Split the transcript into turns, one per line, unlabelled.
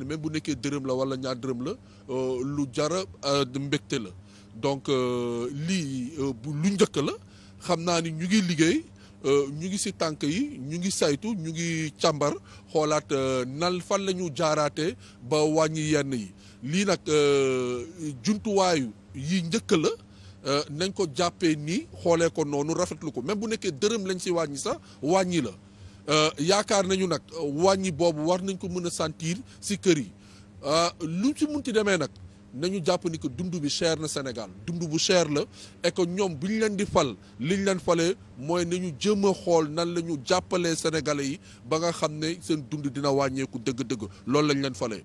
xam bu nekkee dërëm la wala ñaar dërëm la euh, lu jara euh, mbégte la donc euh, lii lu njëkk la xam naa ni ñu ngi liggéey ñu ngi si tànk yi ñu ngi saytu ñu ngi càmbar xoolaat nal fan la ñu jaaraatee ba wàññi yenn yi lii nag jumtuwaayu yi njëkk la nañ ko jàppee nii xoolee ko noonu rafetlu ko même bu nekkee dërëm lañ si wàññi sax wàññi la Euh, yaakaar nañu nag euh, wàññi boobu war nañ ko mën a sentir si kër yi euh, lu ci munti demee nag nañu jàpp ni que dund bi cher na Sénégal dund bu cher la et ñoom bu ñu leen di fal li ñu leen falee mooy nañu jëm a xool nan la ñu jàppalee sénégalais yi ba nga xam ne seen dund dina wàññeeku dëgg-dëgg loolu lañ leen
falee